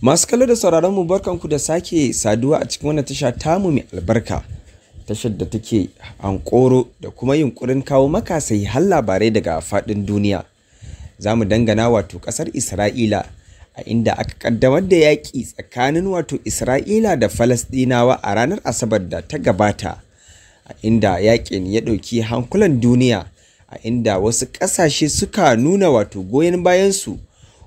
Masu kallo da sauraron mu barkanku da sake saduwa a cikin wannan tasha tamu mai albarka. Tashar da take hankoro da kuma yunkurin kawo maka har labarai daga faɗin duniya. Za mu dangana wato ƙasar Isra'ila a inda aka kaddamar da yaƙi tsakanin wato Isra'ila da Falasɗinawa a ranar Asabar da ta gabata. A inda yaƙin ya ɗauki hankulan duniya a inda wasu ƙasashe suka nuna wato goyon bayansu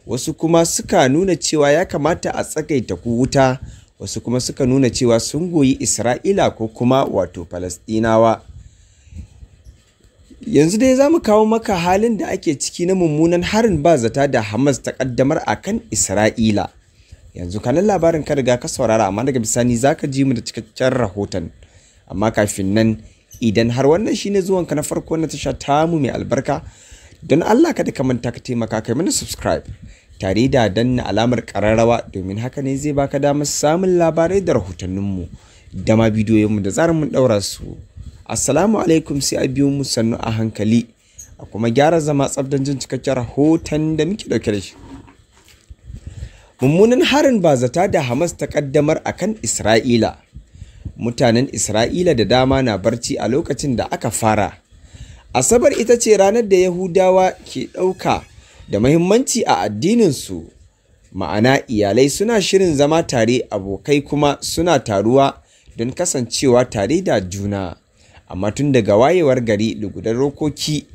wasu kuma suka nuna cewa ya kamata a tsakaita ku wuta wasu kuma suka nuna cewa sun goyi isra'ila ko kuma wato palestinawa. yanzu dai za mu kawo maka halin da ake ciki na mummunan harin ba zata da hamas ta kaddamar a kan isra'ila yanzu kanan labarin ka riga ka saurara amma daga bisani za ka ji mu da cikakken rahoton amma kafin nan idan har wannan shine ka na farko na tasha tamu mai albarka don allah kada ka manta ka taimaka kai mana subscribe tare da danna alamar kararrawa domin haka ne zai baka damar samun labarai da rahotanninmu da ma bidiyoyinmu da tsarin mun ɗaura su assalamu alaikum sai a biyo mu sannu a hankali a kuma gyara zama tsabdan jin cikakken rahoton da muke ɗauke da shi mummunan harin bazata da hamas ta ƙaddamar a kan isra'ila mutanen isra'ila da dama na barci a lokacin da aka fara asabar ita ce ranar da yahudawa ke ɗauka da mahimmanci a addininsu ma'ana iyalai suna shirin zama tare abokai kuma suna taruwa don kasancewa tare da juna amma tun daga wayewar gari da rokoki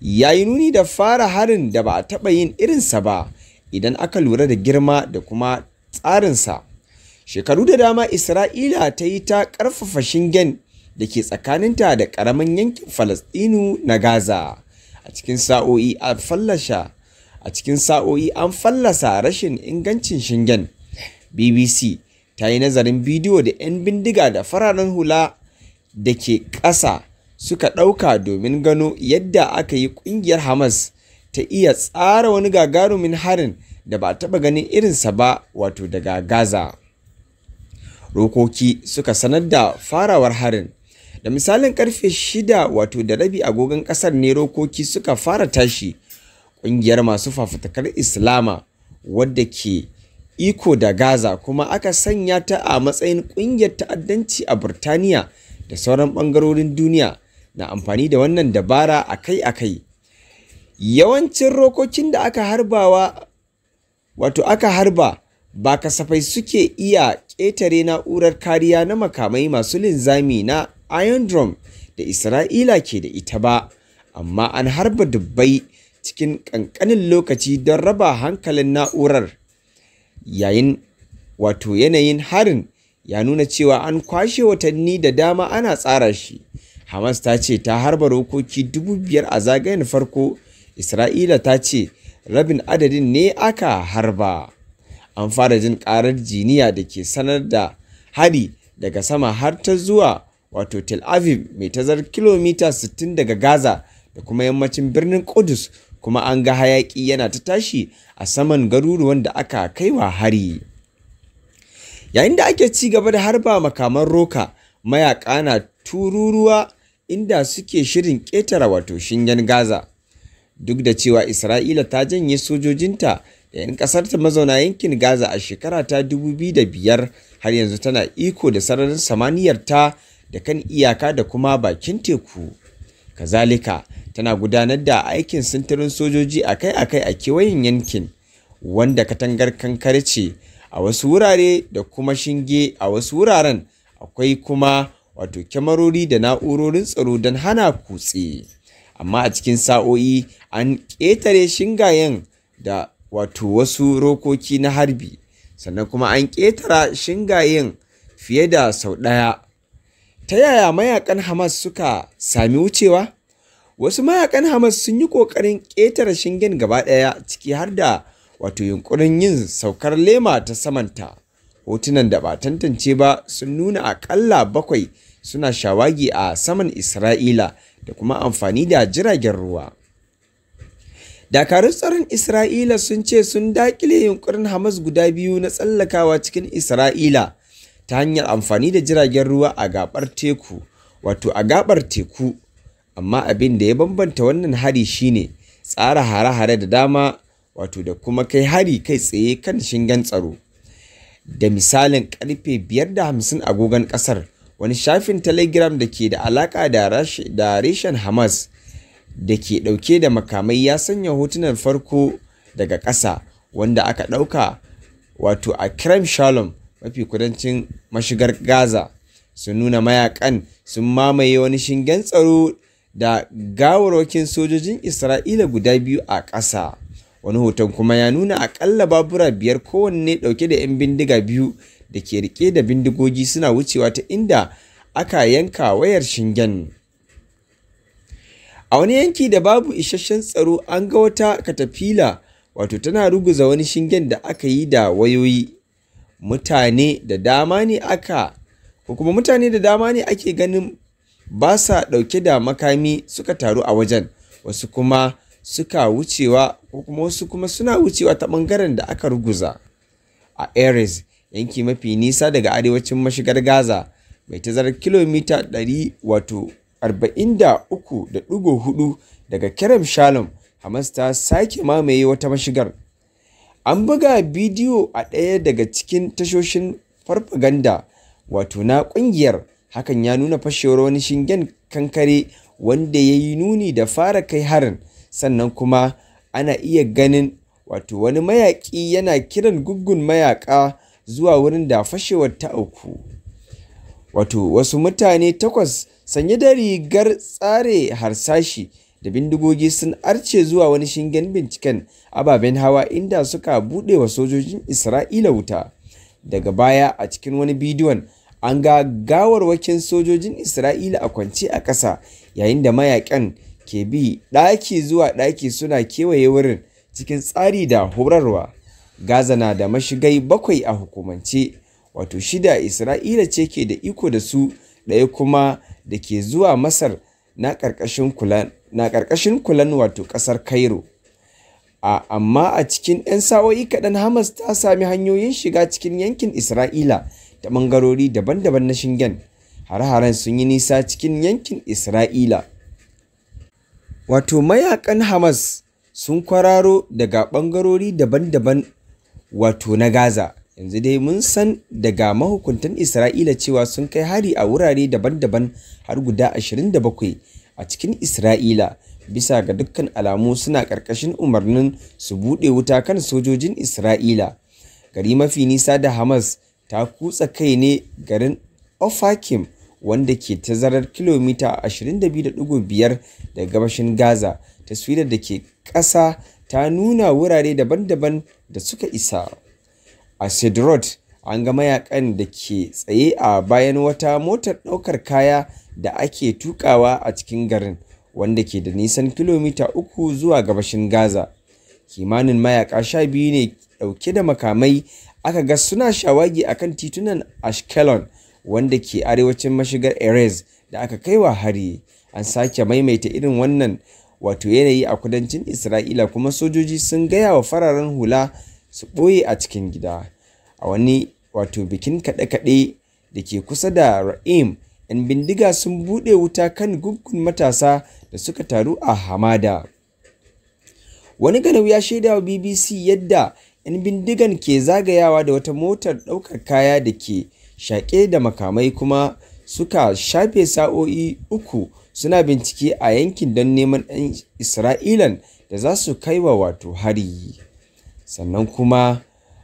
ya yi nuni da fara harin da ba a taɓa yin irinsa ba idan aka lura da girma da kuma tsarinsa shekaru da dama isra'ila ta yi ta ƙarfafa shingen da ke tsakaninta da ƙaramin yankin falastinu na gaza a cikin sa'o'i a fallasha a cikin sa'o'i an fallasa rashin ingancin shingen bbc ta yi nazarin bidiyo da 'yan bindiga da fararen hula da ke ƙasa suka ɗauka domin gano yadda aka yi ƙungiyar hamas ta iya tsara wani gagarumin harin da ba taɓa ganin irinsa ba wato daga gaza rokoki suka sanar da farawar harin da misalin karfe shida wato da rabi agogon ƙasar ne rokoki suka fara tashi ƙungiyar masu fafutukar Islama wadda ke iko da Gaza kuma aka sanya ta a matsayin ƙungiyar ta'addanci a Burtaniya da sauran ɓangarorin duniya na amfani da wannan dabara akai-akai. Yawancin rokokin da aka harbawa wato aka harba ba kasafai suke iya ƙetare na'urar kariya na makamai masu linzami na Iron Drum da Isra'ila ke da ita ba, amma an harba dubbai cikin ƙanƙanin lokaci don raba hankalin na'urar yayin wato yanayin harin ya nuna cewa an kwashe watanni da dama ana tsara shi hamas ta ce ta harba rokoki dubu biyar a zagayen farko isra'ila ta ce rabin adadin ne aka harba an fara jin karar jiniya da ke sanar da hari daga sama har ta zuwa wato tel aviv mai tazar kilomita 60 daga gaza da kuma yammacin birnin kudus kuma an ga hayaƙi yana ta tashi a saman garuruwan da aka kaiwa hari yayin da ake ci gaba da harba makaman roka mayaƙa na tururuwa inda suke shirin ƙetare wato shingen gaza duk da cewa isra'ila ta janye sojojinta da 'yan ƙasarta mazauna yankin gaza a shekara ta 2005 har yanzu tana iko da sararin samaniyarta da kan iyaka da kuma bakin teku kazalika tana gudanar da aikin sintirin sojoji akai-akai a kewayen yankin wanda katangar kankare ce a wasu wurare da kuma shinge a wasu wuraren akwai kuma wato kyamarori da na'urorin tsaro don hana kutse amma a cikin sa'o'i an ƙetare shingayen da wato wasu rokoki na harbi sannan kuma an ƙetara shingayen fiye da sau ɗaya ta yaya mayakan Hamas suka sami wucewa? Wasu mayakan Hamas sun yi ƙoƙarin ƙetare shingen gaba ɗaya ciki har da wato yunƙurin yin saukar lema ta samanta. Hotunan da ba tantance ba sun nuna aƙalla bakwai suna shawagi a saman Isra'ila da kuma amfani da jiragen ruwa. Dakarun tsaron Isra'ila sun ce sun daƙile yunƙurin Hamas guda biyu na tsallakawa cikin Isra'ila. ta hanyar amfani da jiragen ruwa a gaɓar teku wato a gaɓar teku amma abin da ya bambanta wannan hari shine tsara hare-hare da dama wato da kuma kai hari kai tsaye kan shingen tsaro da misalin karfe 5:50 agogon kasar wani shafin telegram da ke da alaka da reshen hamas da ke dauke da makamai ya sanya hotunan farko daga ƙasa wanda aka ɗauka wato a kiram shalom mafi kudancin mashigar Gaza sun nuna mayakan sun mamaye wani shingen tsaro da gawarwakin sojojin Isra'ila guda biyu a ƙasa. Wani hoton kuma ya nuna akalla babura biyar kowanne ɗauke da 'yan bindiga biyu da ke rike da bindigogi suna wucewa ta inda aka yanka wayar shingen. A wani yanki da babu isasshen tsaro an ga wata katafila wato tana ruguza wani shingen da aka yi da wayoyi mutane da dama ne aka ko kuma mutane da dama ne ake ganin ba sa ɗauke da makami suka taru a wajen wasu kuma suka wucewa ko kuma wasu kuma suna wucewa ta ɓangaren da aka ruguza a ares yanki mafi nisa daga arewacin mashigar gaza mai tazarar kilomita 100 daga kerem shalom hamas ta sake mamaye wata mashigar An buga bidiyo a ɗaya daga cikin tashoshin farfaganda wato na ƙungiyar, hakan ya nuna fashewar wani shingen kankare wanda ya yi nuni da fara kai harin, sannan kuma ana iya ganin wato wani mayaƙi yana kiran guggun mayaƙa zuwa wurin da fashewar ta auku. Wato wasu mutane takwas sanye da rigar tsare harsashi da bindigogi sun arce zuwa wani shingen binciken ababen hawa inda suka buɗe wa sojojin isra'ila wuta daga baya a cikin wani bidiyon an ga gawarwakin sojojin isra'ila a kwanci a ƙasa yayin da mayaƙan ke bi ɗaki zuwa ɗaki suna kewaye wurin cikin tsari da horarwa gaza na da mashigai bakwai a hukumance wato shida isra'ila ce ke da iko da su ɗaya kuma da ke zuwa masar na ƙarƙashin kula na ƙarƙashin kulan wato ƙasar cairo amma a cikin 'yan sa'o'i kaɗan hamas ta sami hanyoyin shiga cikin yankin isra'ila ta ɓangarori daban-daban na shingen har haren sun yi nisa cikin yankin isra'ila wato mayakan hamas sun kwararo daga ɓangarori daban-daban wato na gaza yanzu dai mun san daga mahukuntan isra'ila cewa sun kai hari a wurare daban-daban har guda 27 a cikin Isra'ila bisa ga dukkan alamu suna ƙarƙashin umarnin su buɗe wuta kan sojojin Isra'ila. Gari mafi nisa da Hamas ta kutsa kai ne garin Ofakim wanda ke ta zarar kilomita 22.5 da gabashin Gaza. Taswirar da ke ƙasa ta nuna wurare daban-daban da suka isa. A Sidrot an ga mayakan da ke tsaye a bayan wata motar ɗaukar kaya da ake tukawa a cikin garin wanda ke da nisan kilomita uku zuwa gabashin Gaza. Kimanin mayaka sha biyu ne dauke da makamai aka ga suna shawagi a kan titunan Ashkelon wanda ke arewacin mashigar Erez da aka kaiwa hari. An sake maimaita irin wannan wato yanayi a kudancin Isra'ila kuma sojoji sun gaya wa fararen hula su ɓoye a cikin gida. A wani wato bikin kaɗe-kaɗe da ke kusa da Ra'im 'yan bindiga sun buɗe wuta kan gungun matasa da suka taru a hamada wani ganau ya shaida wa bbc yadda 'yan bindigan ke zagayawa da wata motar ɗaukar kaya da ke shaƙe da makamai kuma suka shafe sa'o'i uku suna bincike a yankin don neman 'yan isra'ilan da za su kai wa wato hari sannan kuma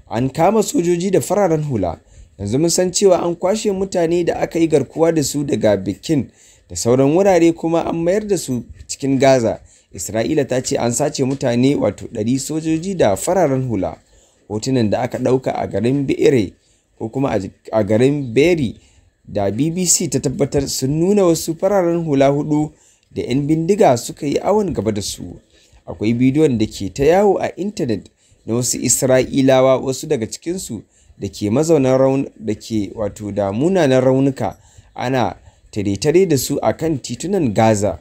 an kama sojoji da fararen hula yanzu mun san cewa an kwashe mutane da aka yi garkuwa da su daga bikin da sauran wurare kuma an mayar da su cikin gaza isra'ila ta ce an sace mutane wato 100 sojoji da fararen hula hotunan da aka ɗauka a garin bere ko kuma a garin beri da bbc ta tabbatar sun nuna wasu fararen hula hudu da 'yan bindiga suka yi awon gaba da su akwai bidiyon da ke ta yawo a intanet na wasu isra'ilawa wasu daga cikinsu da ke mazaunan raun da ke wato da munanan raunuka ana tare-tare da su a kan titunan Gaza.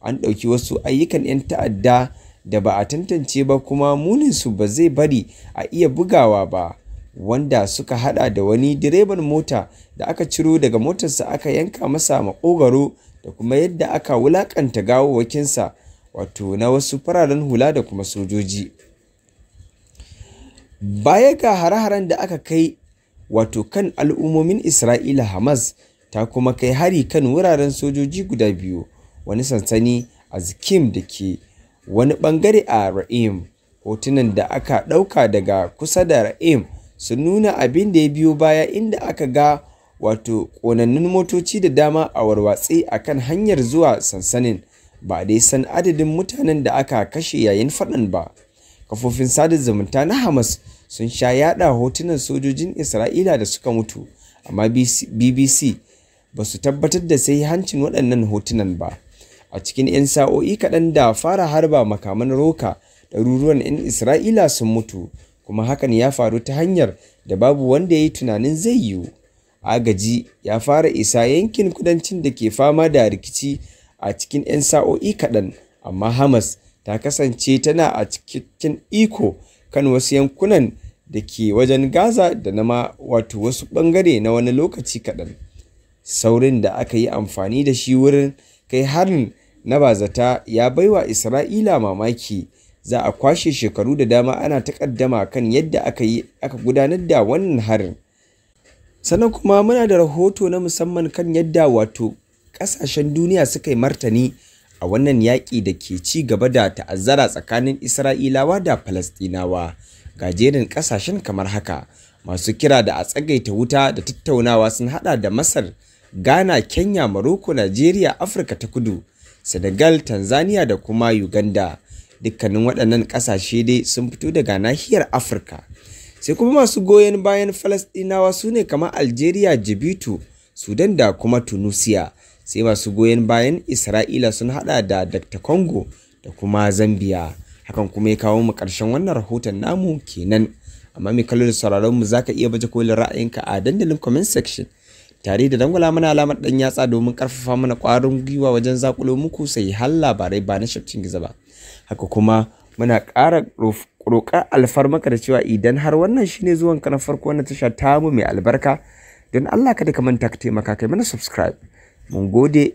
An ɗauki wasu ayyukan 'yan ta'adda da ba a tantance ba kuma muninsu ba zai bari a iya bugawa ba, wanda suka hada da wani direban mota da aka ciro daga motarsa aka yanka masa makogaro da kuma yadda aka wulakanta gawawakinsa wato na wasu fararen hula da kuma sojoji. baya ga hare-haren da aka kai wato kan al'ummomin isra'ila hamas ta kuma kai hari kan wuraren sojoji guda biyu wani sansani a zikim da ke wani bangare a ra'im hotunan da aka ɗauka daga kusa da ra'im sun nuna abin da ya biyo baya inda aka ga wato ƙonannun motoci da dama a warwatse a kan hanyar zuwa sansanin ba dai san adadin mutanen da aka kashe yayin faɗan ba kafofin sada zumunta na hamas sun sha yada hotunan sojojin isra'ila da suka mutu amma bbc ba su tabbatar da sai hancin waɗannan hotunan ba a cikin 'yan sa'o'i kaɗan da fara harba makaman roka ɗaruruwan 'yan isra'ila sun mutu kuma hakan ya faru ta hanyar da babu wanda ya yi tunanin zai yiwu agaji ya fara isa yankin kudancin da ke fama da rikici a cikin 'yan sa'o'i kaɗan amma hamas ta kasance tana a cikakken iko kan wasu yankunan da ke wajen Gaza da na ma wato wasu ɓangare na wani lokaci kaɗan. Saurin da aka yi amfani da shi wurin kai harin na bazata ya baiwa Isra'ila mamaki za a kwashe shekaru da dama ana takaddama kan yadda aka yi aka gudanar da wannan harin. Sannan kuma muna da rahoto na musamman kan yadda wato ƙasashen duniya suka yi martani a wannan yaƙi da ke ci gaba da ta'azzara tsakanin Isra'ilawa da Falastinawa, ga jerin ƙasashen kamar haka masu kira da a tsagaita wuta da tattaunawa sun hada da Masar, Ghana, Kenya, Maroko, Najeriya, Afirka ta Kudu, Senegal, Tanzania da kuma Uganda. Dukkanin waɗannan ƙasashe dai sun fito daga nahiyar Afirka. Sai kuma masu goyon bayan Falastinawa su ne kamar Algeria, Jibitu, Sudan da kuma Tunisia. sai masu goyon bayan isra'ila sun hada da dr congo da kuma zambia hakan kuma ya kawo mu karshen wannan rahoton namu kenan amma mai kallo sauraron mu zaka iya baje kolin ra'ayinka a dandalin comment section tare da dangwala mana alamar dan yatsa domin karfafa mana kwarin gwiwa wajen zakulo muku sai har labarai ba na shafcin giza ba haka kuma muna ƙara roƙar alfarmaka da cewa idan har wannan shine zuwan ka na farko na tasha tamu mai albarka don Allah kada ka manta ka taimaka kai mana subscribe Mun gode.